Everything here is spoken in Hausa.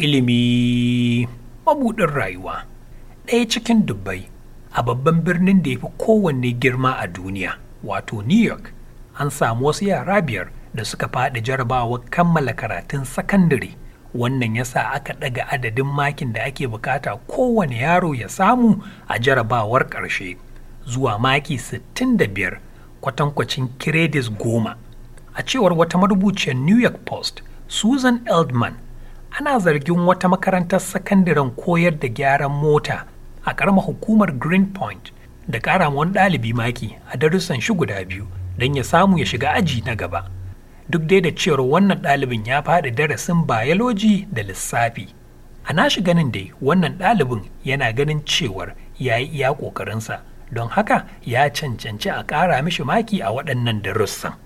ilimi mabuɗin rayuwa ɗaya cikin dubbai a babban birnin da ya fi kowanne girma a duniya wato new york an samu wasu yara biyar da suka faɗi jarabawa kammala karatun sakandare wannan ya sa aka ɗaga adadin makin da ake bukata kowane yaro ya samu a jarabawar ƙarshe zuwa maki 65 kwatankwacin kiredis goma a cewar wata marubuciyar new york post susan eldman ana zargin wata makarantar sakandaren koyar da gyaran mota a ƙaramar hukumar greenpoint da ƙara wani ɗalibi maki a darussan shi guda biyu don ya samu ya shiga aji na gaba duk dai da cewar wannan ɗalibin ya faɗi darasin bayoloji da lissafi a nashi ganin dai wannan ɗalibin yana ganin cewar ya yi iya ƙoƙarinsa don haka ya cancanci a ƙara mishi maki a waɗannan darussan